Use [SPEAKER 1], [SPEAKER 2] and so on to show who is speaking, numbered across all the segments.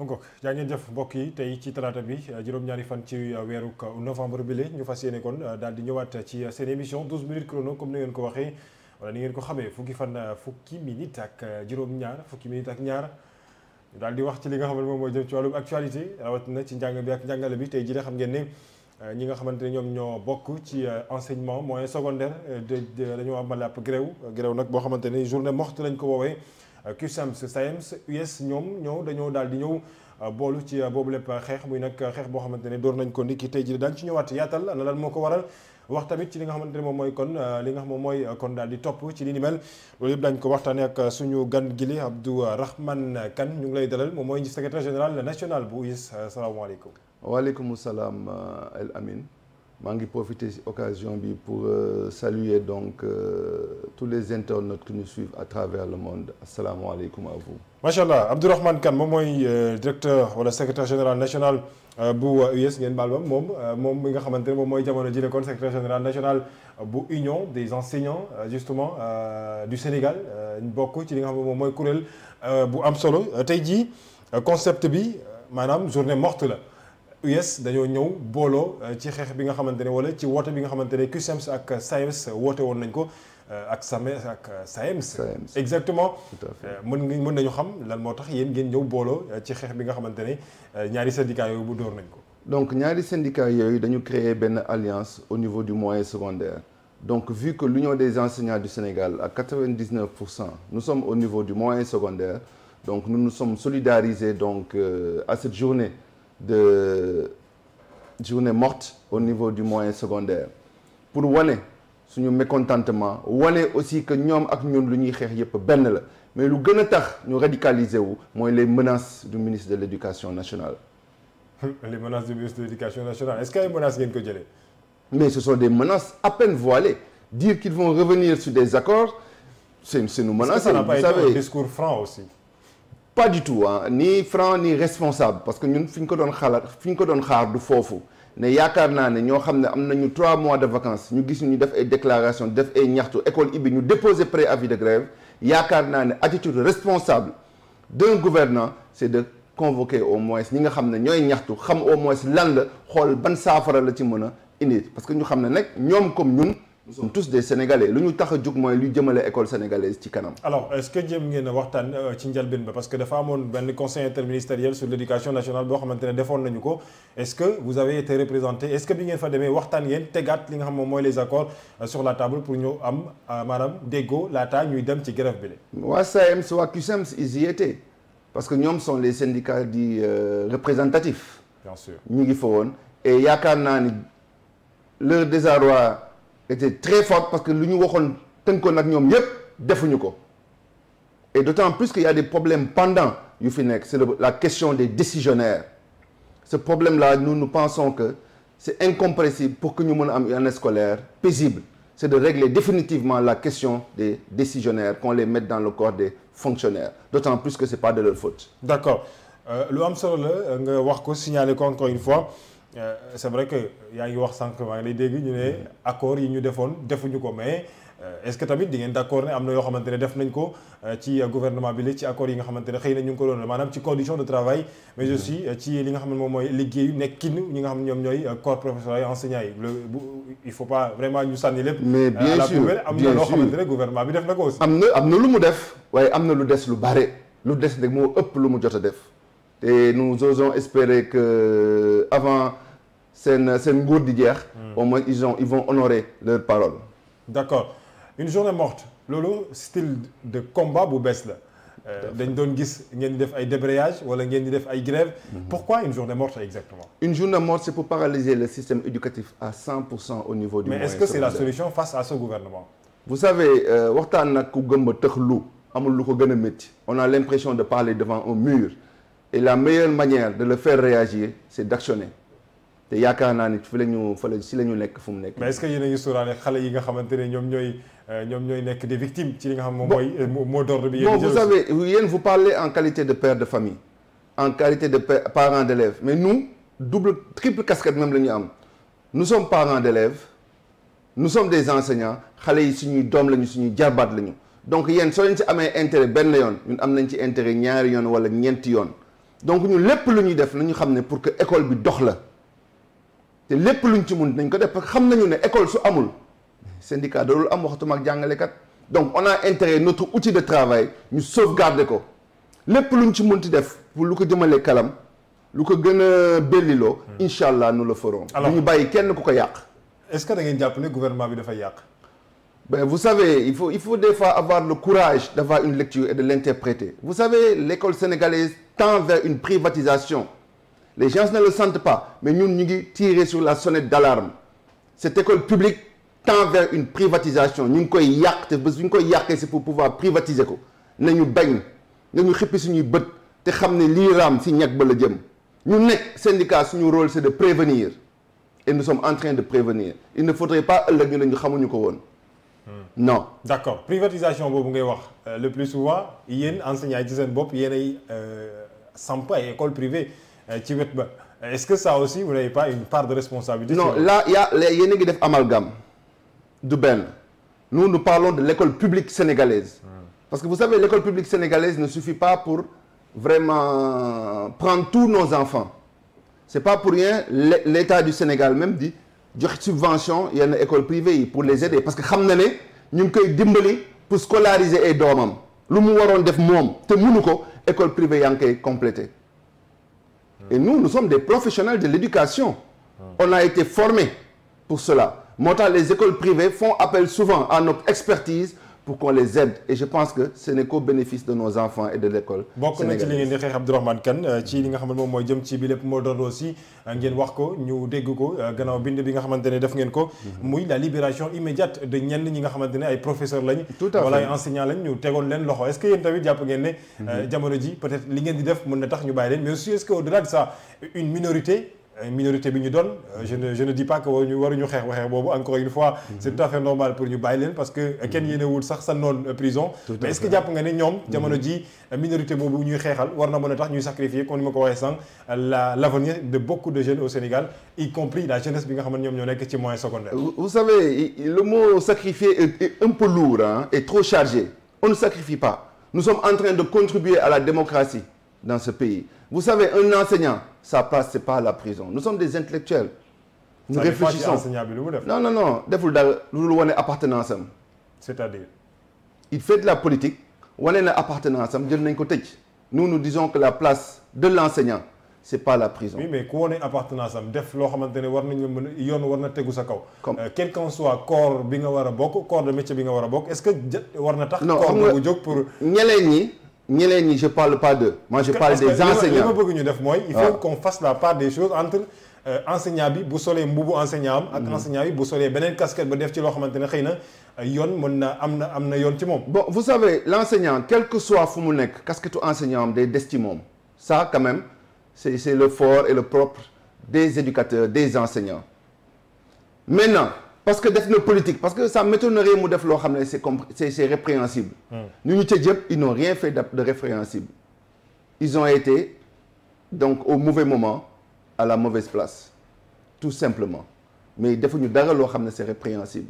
[SPEAKER 1] mu ngoog jaa ngeen jëf mbokk yi tey ci talaata bi euh, juróom-ñaari fan ci euh, weeru euh, novembre bi léegi ñu fas yéene kon daal di ñëwaat ci seen émission 12 minutes chrono comme ni ngeen ko waxee wala ni ngeen ko xamee fukki fan fukki minutes ak juróom-ñaar fukki minutes ak ñaar ñu daal di wax ci li nga xam ne moom moo jëm ci wàllum actualité na ci njàng bi ak njàngale bi tey jii xam ngeen ne ñi nga xamante ne ñoom ñoo bokk ci enseignement moyen secondaire de dañoo amal ab gréew gréew nag boo xamante ne journée morte lañ ko woowee CUSAMS euh, SAEMS US ñoom ñëw dañoo daal di ñëw euh, boolu ci euh, boobu lépp xeex muy nag xeex boo xamante ne door nañ ko niki tey jii daañu ci ñëwaat yaatal na lan moo ko waral wax tamit ci li nga xamante ne moom mooy kon li nga xam moom mooy kon daal di topp ci li ni mel loolu yëpp dañ ko waxtaanee ak suñu gan gili Abdou Rahman kan ñu ngi lay dalal moom mooy secrétaire général national bu US salaamaaleykum.
[SPEAKER 2] waaleykum salaam El Amin. maa ngi profiter ci occasion bi pour euh, saluer donc euh, tous les internautes qui nous suivent à travers le monde asalaamaaleykum a vous.
[SPEAKER 1] macha allah Abdourahmane Kane moom mooy euh, directeur wala secrétaire général national euh, bu US ngeen baal ma moom euh, moom mi nga xamante ne moom mooy jamono ji nekkoon secrétaire général national bu union des enseignants justement du Sénégal bokk ci li nga xam moom mooy kuréel bu am solo tey jii concept bi maanaam journée morte la. US dañoo ñëw booloo euh, ci xeex bi nga xamante ne wala ci woote bi nga xamante ne CUSEMS ak SAEMS woote woon nañ ko euh, ak SAME ak euh, SAEMS exactement mën nga mën nañu xam lan moo tax yéen ngeen ñëw booloo ci xeex bi nga xamante ne ñaari syndicat yooyu bu door nañ ko
[SPEAKER 2] donc ñaari syndicat yooyu dañu créer benn alliance au niveau du moyen secondaire donc vu que l'union des enseignants du Sénégal à nu pour cent nous sommes au niveau du moyen secondaire donc nous nous sommes solidarisés donc euh, à cette de journée morte au niveau du moyen secondaire pour wane suñu mécontentement wane aussi que ñoom ak ñun lu ñuy xeex yépp benn la mais lu gën a tax ñu radicaliser wu mooy les menaces du ministre de l'éducation nationale
[SPEAKER 1] les menaces du ministre de l'éducation nationale est-ce que ay menaces ngeen ko
[SPEAKER 2] jëlee mais ce sont des menaces à peine voilées dire qu'ils vont revenir sur des accords c'est c'est une menace vous savez discours franc aussi pas du tout ah ni franc ni responsable parce que ñun fi ñu ko doon xalaat fi ñu ko doon xaar du foofu ne yaakaar naa ne ñoo xam ne am nañu trois mois de vacances ñu gis ñu def ay déclaration def ay ñaxtu école ibi ñu déposer préavis de grève yaakaar naa ne attitude responsable deux gouvernant c'est de convoquer au moins ñi nga xam ne ñooy ñaxtu xam au moins lan la xool ban saafara la ci mën a indi parce que ñu xam ne nag ñoom comme ñun nous tous des sénégalais lu ñu tax a jug mooy lu jëmale école sénégalaise ci kanam.
[SPEAKER 1] alors est-ce que jéem ngeen a waxtaan euh, ci njëlbéen ba parce que dafa amoon benn conseil interministériel sur l'éducation nationale boo xamante defoon nañu ko est-ce que vous avez été représenté est-ce que bi ngeen fa demee waxtaan ngeen tegaat li nga xam mooy les accords euh, sur la table pour ñu am euh, maanaam déggoo laata ñuy dem ci grève bi la. waa
[SPEAKER 2] SAEMS e waa CUSEMS e ils y étaient parce que était très forte parce que lu ñu waxoon tënkoon ak ñoom yëpp defuñu ko et d'autant plus qu'il y a des problèmes pendants yu fi nekk c'est la question des décisionnaires ce problème là nous nous pensons que c'est incompressible pour que ñu mën a am une année scolaire paisible c'est de régler définitivement la question des décisionnaires qu'on les mette dans le corps des fonctionnaires d'autant plus que c'est pas de leur faute d'accord
[SPEAKER 1] euh, lu am solo la nga wax ko signaler ko encore une fois Euh, c' est vrai que yaa ngi wax sànq maa ngi lay dégg ñu ne accord yi ñu defoon defuñu ko mais euh, est ce que tamit di ngeen d' accord ne am na yoo xamante ne def nañ ko euh, ci gouvernement bi la ci accord yi nga xamante ne xëy na ñu ngi ko doon maanaam ci condition de travail mais mm-hmm. aussi ci li nga xam ne moom mooy liggéeyu nekkin ñi nga xam ne ñoom ñooy corps professoral yi enseignants yi il faut pas
[SPEAKER 2] vraiment ñu sànni lépp mais bien sûr am na loo xamante ne gouvernement bi na ko am na am na lu mu def waaye am na lu des lu bare lu des nag moo ëpp lu mu jot a def te nous osons espérer que avant seen seen nguur di jeex. Hmm. au moins ils ont ils vont honorer leur parole.
[SPEAKER 1] d'accord une journée morte loolu style de combat bu bees la. Euh, dañ doon gis ngeen di def ay débrayage wala ngeen di def ay grève hmm. pourquoi une journée morte exactement
[SPEAKER 2] une journée morte c'est pour paralyser le système éducatif à 100% au niveau du mais est-ce que c'est la solution
[SPEAKER 1] face à ce gouvernement
[SPEAKER 2] vous savez euh, waxtaan nag ku gëmba tëx lu amul lu ko gën a métti on a l'impression de parler devant un mur et la meilleure manière de le faire réagir c'est d'actionner te yaakaar naa ni fi la ñu fa la si la ñu nekk fu mu nekk. mais est-ce
[SPEAKER 1] que yéen a ngi sóoraale xale yi nga xamante ne ñoom ñooy euh, ñoom ñooy nekk des victimes. ci li nga xam moom mooy euh, mot d'ordre bi. yéen vous savez
[SPEAKER 2] yéen vous parlez en qualité de père de famille en qualité de parent d'élève mais nous double triple casquette même la ñu am nous sommes parents d'élèves nous sommes des enseignants xale yi suñuy doom lañu suñuy jarbaat lañu donc yéen soo amee intérêt benn yoon am nañ ci intérêt ñaari yoon wala ñeenti yoon. donc ñun lépp lu ñuy def nañu xam ne pour que école bi dox la te lépp lu ñu ci mun nañ ko def parce que xam nañu ne école su amul syndicat dalul am waxtuma ak jàngalekat donc on a intérêt notre outil de travail ñu sauvegarder ko lépp lu ñu ci ti def pour lu ko jëmalee kalam lu ko gën a belliloo hmm. incha nu la le ferons lu ñu bàyyi kenn ku ko yàq est-ce que da ngeen jàpp ne gouvernement bi dafay yàq ben vous savez il faut il faut des fois avoir le courage d'avoir une lecture et de l'interpréter vous savez tend vers une privatisation les gens ne le sentent pas mais ñun ñu ngi tirer sur la sonnette d'alarme cette école publique tend vers une privatisation ñu ngi koy yàq te bés bu ñu koy yàqee c'est pour pouvoir privatiser ko nañu bañ ñu xippi suñuy bët te xam ne lii raam si ñag ba la jëm ñu nekk syndicat suñu rôle c'est de prévenir et nous sommes en train de prévenir il ne faudrait pas ëllëg ñu ne ñu xamuñu ko woon hmm. non
[SPEAKER 1] d'accord privatisation boobu ngay wax euh, le plus souvent yéen enseignants yi ci bopp yéen ay euh, samp ay école privée euh, ci wet ba que ça aussi vous n'avez pas une part de responsabilité non là
[SPEAKER 2] y a yéen a ngi def amalgame du benn nous nous parlons de l'école publique sénégalaise ah. parce que vous savez l'école publique sénégalaise ne suffit pas pour vraiment prendre tous nos enfants c'est pas pour rien l'État du Sénégal même dit jox subvention yenn école privée yi pour les aider parce que xam na ne ñu ngi koy dimbali pour scolariser ay doomam lu mu waroon def moom ko école privée yaa ngi koy complété et nous nous sommes des professionnels de l'éducation ah. on a été formés pour cela moo tax les écoles privées font appel souvent à notre expertise pour qu'on les aide et je pense que ce n'est qu'au bénéfice de nos enfants et de l'école bokk na ci li
[SPEAKER 1] ngeen di xeex Abdourahmane Kane euh, ci li nga xamante moom mooy jëm ci bi moo doon aussi euh, ngeen wax ko ñu dégg ko euh, gannaaw bind bi nga xamante ne def ngeen ko mhm. muy la libération immédiate de ñenn ñi nga xamante ne ay professeurs lañ wala ay enseignants lañ ñu tegoon leen loxo est-ce que yéen tamit jàpp ngeen ne mhm. jamono ji peut-être li ngeen di def mën na ñu bàyyi leen mais minorité bi ñu doon euh, je ne je ne dis pas que waruñu waruñu xeex waxee boobu encore une fois mm-hmm. c'est tout à fait normal pour ñu bàyyi leen parce que mm-hmm. kenn yéenewul sax sa noon euh, prison mais est-ce que jàpp nga ne ñoom mm-hmm. jamono ji euh, minorité boobu ñuy xeexal war na mën a tax ñuy comme ni ma ko waxee sànq la l'avenir de beaucoup de jeunes au Sénégal y compris la jeunesse bi nga xam ñoom ñoo nekk ci moyen secondaire
[SPEAKER 2] vous savez le mot sacrifier est peu lourd hein, trop chargé on ne sacrifie pas nous sommes en train de contribuer à la démocratie dans ce pays. Vous savez, un enseignant, ça passe, c'est pas la prison. Nous sommes des intellectuels. Nous ça réfléchissons. Non, non, non. Deful dal lul wone appartenance am. C'est-à-dire Il fait la politique, wone na appartenance am, jël nañ ko tëj. Nous nous disons que la place de l'enseignant, c'est pas la prison. Oui,
[SPEAKER 1] mais ku wone appartenance am def loo xamante ne war nañ la yoon war na tegu sa kaw. comme euh, quel qu'en soit corps bi nga war a bokk corps de métier bi nga war a bokk est-ce que war na tax. non corps boobu
[SPEAKER 2] jóg pour ñeneen ñeneen ñi je parle pas d'eux moi je parle des enseignants
[SPEAKER 1] ñu def mooy il faut ah. qu'on fasse des choses entre euh, enseignant bi bu solee mbubu enseignant
[SPEAKER 2] ak mm-hmm. enseignant bi bu solee beneen casquette ba def ci loo xamante ne xëy na euh, yoon mën na am na am na yoon ci moom bon vous savez l'enseignant quel que soit fu mu nekk casquette enseignant am day des ci moom ça quand même c'est le fort et le propre des éducateurs des enseignants maintenant parce que def na politique parce que ça m'étonnerait mu def loo xam ne c'est compr c'est c'est répréhensible hmm. ñu ñu ca jëpp ils n'ont rien fait de répréhensible ils ont été donc au mauvais moment à la mauvaise place tout simplement mais defuñu dara loo xam ne c'est répréhensible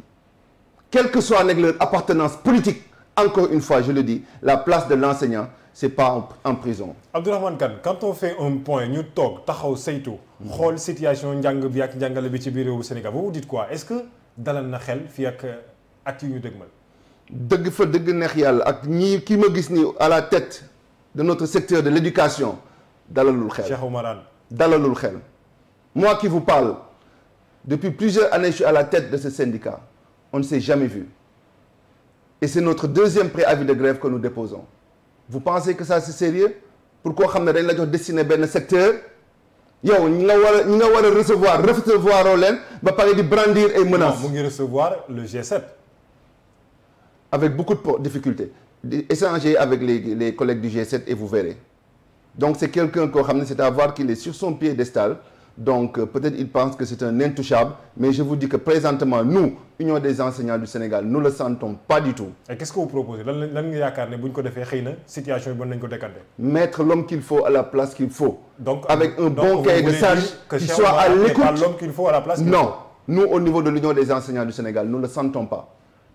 [SPEAKER 2] quelle que soit nag leur appartenance politique encore une fois je le dis la place de l'enseignant c'est pas en prison.
[SPEAKER 1] Abdourahmane Kane quand on fait un point ñu toog hmm. xool situation njàng bi ak njàngale bi ci biir réewu Sénégal
[SPEAKER 2] vous vous quoi est-ce dalal na xel fii ak euh, at yu ñu dëgmal. dëgg fa dëgg neex yàlla ak ñii ki ma gis ni à la tête de notre secteur de l'éducation dalalul xel. Cheikh dalalul xel. moi qui vous parle depuis plusieurs années je à la tête de ce syndicat on ne s'est jamais vu et c'est notre deuxième préavis de grève que nous déposons vous pensez que ça sérieux pour koo xam ne dañ la jox destiné benn secteur. yow ñi nga war nga war a recevoir recevoir oo leen ba pare di brandir ay menaces. mu ngi
[SPEAKER 1] recevoir le G7.
[SPEAKER 2] avec beaucoup de difficultés di échanger avec les les collègues du G7 et vous verrez donc c'est quelqu'un koo xam ne c'est à voir qu'il est sur son piédestal Donc euh, peut-être ils pensent que c'est un intouchable, mais je vous dis que présentement, nous, Union des enseignants du Sénégal, nous ne le sentons pas du tout.
[SPEAKER 1] Et qu'est-ce que vous proposez situation
[SPEAKER 2] Mettre l'homme qu'il faut à la place qu'il faut. Donc, avec un donc bon cahier de sage qui soit à l'écoute.
[SPEAKER 1] l'homme qu'il faut à la place qu'il Non,
[SPEAKER 2] nous au niveau de l'Union des enseignants du Sénégal, nous ne le sentons pas.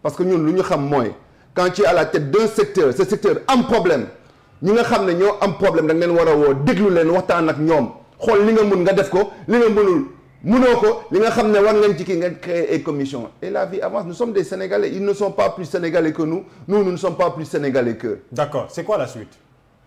[SPEAKER 2] Parce que nous, nous a un problème. Nous savons qu'ils ont un problème, nous devons les écouter, xool li nga mun nga def ko li nga mënul mënoo ko li nga xam ne war ngeen ci kii ngeen créer ay commission et la vie avance nous sommes des sénégalais ils ne sont pas plus sénégalais que nous nous nous ne sommes pas plus sénégalais qu'eux d'accord c'est quoi la suite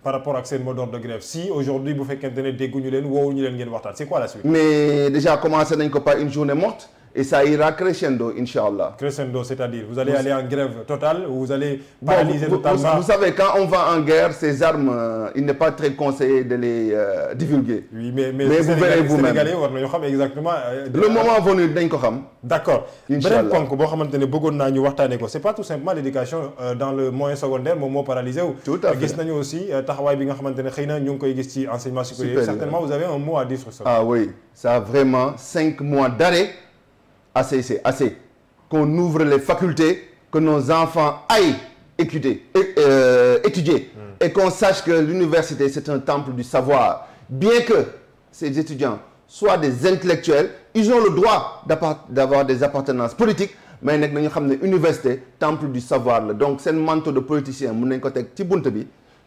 [SPEAKER 2] par rapport ak seen mot de grève
[SPEAKER 1] si aujourd'hui bu fekkente ne dégguñu leen woowuñu leen ngeen waxtaan c'est quoi la suite
[SPEAKER 2] mais déjà commencé nañ ko par une journée morte et ça ira crescendo, Inch'Allah. Crescendo, c'est-à-dire vous allez aller en
[SPEAKER 1] grève totale vous allez paralyser bon, vous,
[SPEAKER 2] savez, quand on va en guerre, ces armes, euh, il n'est pas très conseillé de les euh, divulguer. Oui, mais, mais, mais vous verrez vous-même.
[SPEAKER 1] exactement. Euh, le
[SPEAKER 2] moment
[SPEAKER 1] d'accord beneen ponk boo xamante ne bëggoon naa ñu waxtaanee ko c'est pas tout simplement l'éducation dans le moyen secondaire moom paralysé tout à fait gis nañu na ñu ngi koy gis ah
[SPEAKER 2] a assez, c'est assez. Qu'on ouvre les facultés, que nos enfants aillent étudier, euh, étudier mm. et qu'on sache que l'université, c'est un temple du savoir. Bien que ces étudiants soient des intellectuels, ils ont le droit d'avoir des appartenances politiques, mais nag nañu xam ne université temple du savoir la donc seen manteau de politicien mun nañ ko teg ci bunt bi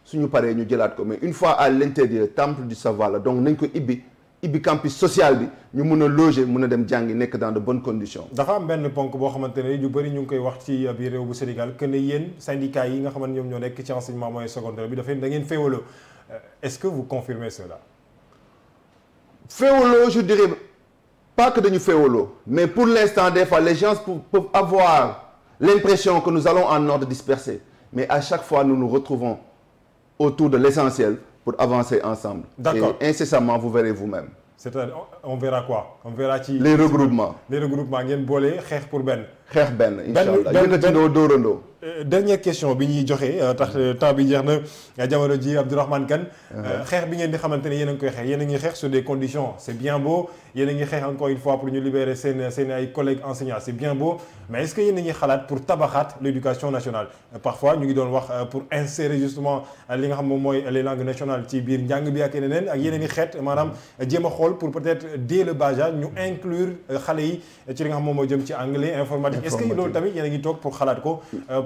[SPEAKER 2] suñu paree ñu jëlaat ko mais une fois à l'intérieur temple du savoir la donc nañ ko ibbi ibbi campus social bi ñu mun a loger mun a dem jàngi nekk dans de bonnes condition
[SPEAKER 1] dafa am benn ponk boo xamante ne ñu bëri ñu ngi koy wax ci biir réew bu Sénégal que ne yéen syndicats yi nga xamante ñoom ñoo nekk ci enseignement moyen secondaire bi dafay da ngeen féewaloo euh, est-ce que vous confirmez cela.
[SPEAKER 2] feolo je dirais pas que dañu féewaloo mais pour l'instant des fois les gens peuvent avoir l'impression que nous allons en ordre dispersé mais à chaque fois nous nous retrouvons autour de l'essentiel pour avancer ensemble. D'accord. Et incessamment vous verrez vous-même.
[SPEAKER 1] à on verra quoi on verra ci. les regroupements les regroupements ngeen boole xeex pour benn.
[SPEAKER 2] xeex benn incha allah yëkkatindoo dóorandoo. Euh, dernière question
[SPEAKER 1] bi ñuy joxe euh, tax euh, temps bi jeex na jamono ji Abdourahmane Kane xeex bi ngeen di xamante ne yéen a ngi koy xeex yéen a ngi xeex sur des conditions c' bien beau yéen ngi xeex encore une fois pour ñu tabaxaat l' éducation nationale parfois ñu ngi doon wax pour insérer justement li nga xam mooy les langues nationales ci biir njàng bi ak yeneen ak yeneen i xeet maanaam jéem a xool pour peut être dès le bas ñu inclure xale yi ci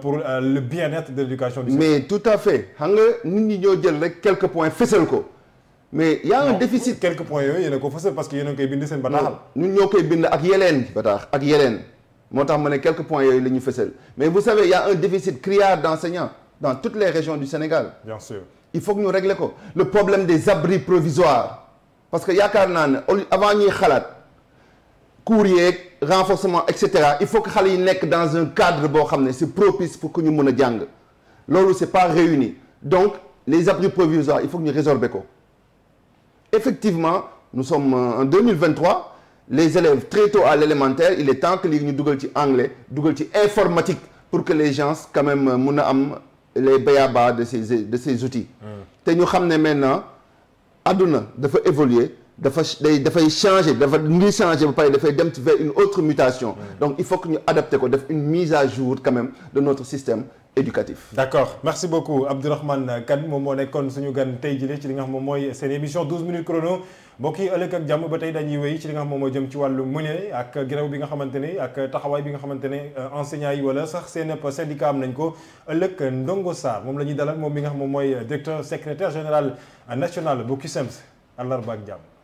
[SPEAKER 1] pour euh, le bien-être de
[SPEAKER 2] l'éducation du mais tout à fait xam nit ñi ñoo jël rek quelques points fësal ko mais y un déficit quelques points yooyu yéen a ko fësal parce que yéen a koy bind seen bataaxal ñun ñoo koy bind ak yeleen bataax ak yeleen moo tax ma quelques points yooyu la ñu mais vous savez y un déficit criard d'enseignants dans toutes les régions du Sénégal il faut que régler ko le problème des abris provisoires parce cours yeeg renforcement et cetera il faut que xale yu nekk dans un cadre boo xam ne c'est propice pour que ñu mën a jàng loolu c'est pas réuni donc les abris provisoires il faut que ñu résorber ko effectivement nous sommes en 2023 les élèves très tôt à l'élémentaire il est temps que léegi ñu dugal ci anglais dugal ci informatique pour que les gens quand même mun a am les ba de ces de ces outils hmm. te ñu xam ne maintenant àdduna dafa évoluer dafa day dafay changer dafa ngi changer ba pare dafay dem vers une autre mutation donc il faut que ñu adapté ko def une mise à jour quand même de notre système éducatif
[SPEAKER 1] d'accord merci beaucoup Abdourahmane kan moom moo nekkoon suñu gan tey jii ci li nga xam moom mooy seen émission 12 minutes ki mbokk ëllëg ak jàmm ba tey dañuy wéy ci li nga xam moom moo jëm ci wàllu muñe ak grève bi nga xamante ne ak taxawaay bi nga xamante ne euh, enseignants yi wala sax seen syndicat am nañ ko ëllëg Ndongo Sarr moom la ñuy dalal moom bi nga xam moom mooy directeur secrétaire général national bu CUSEMS àllarba ak jàmm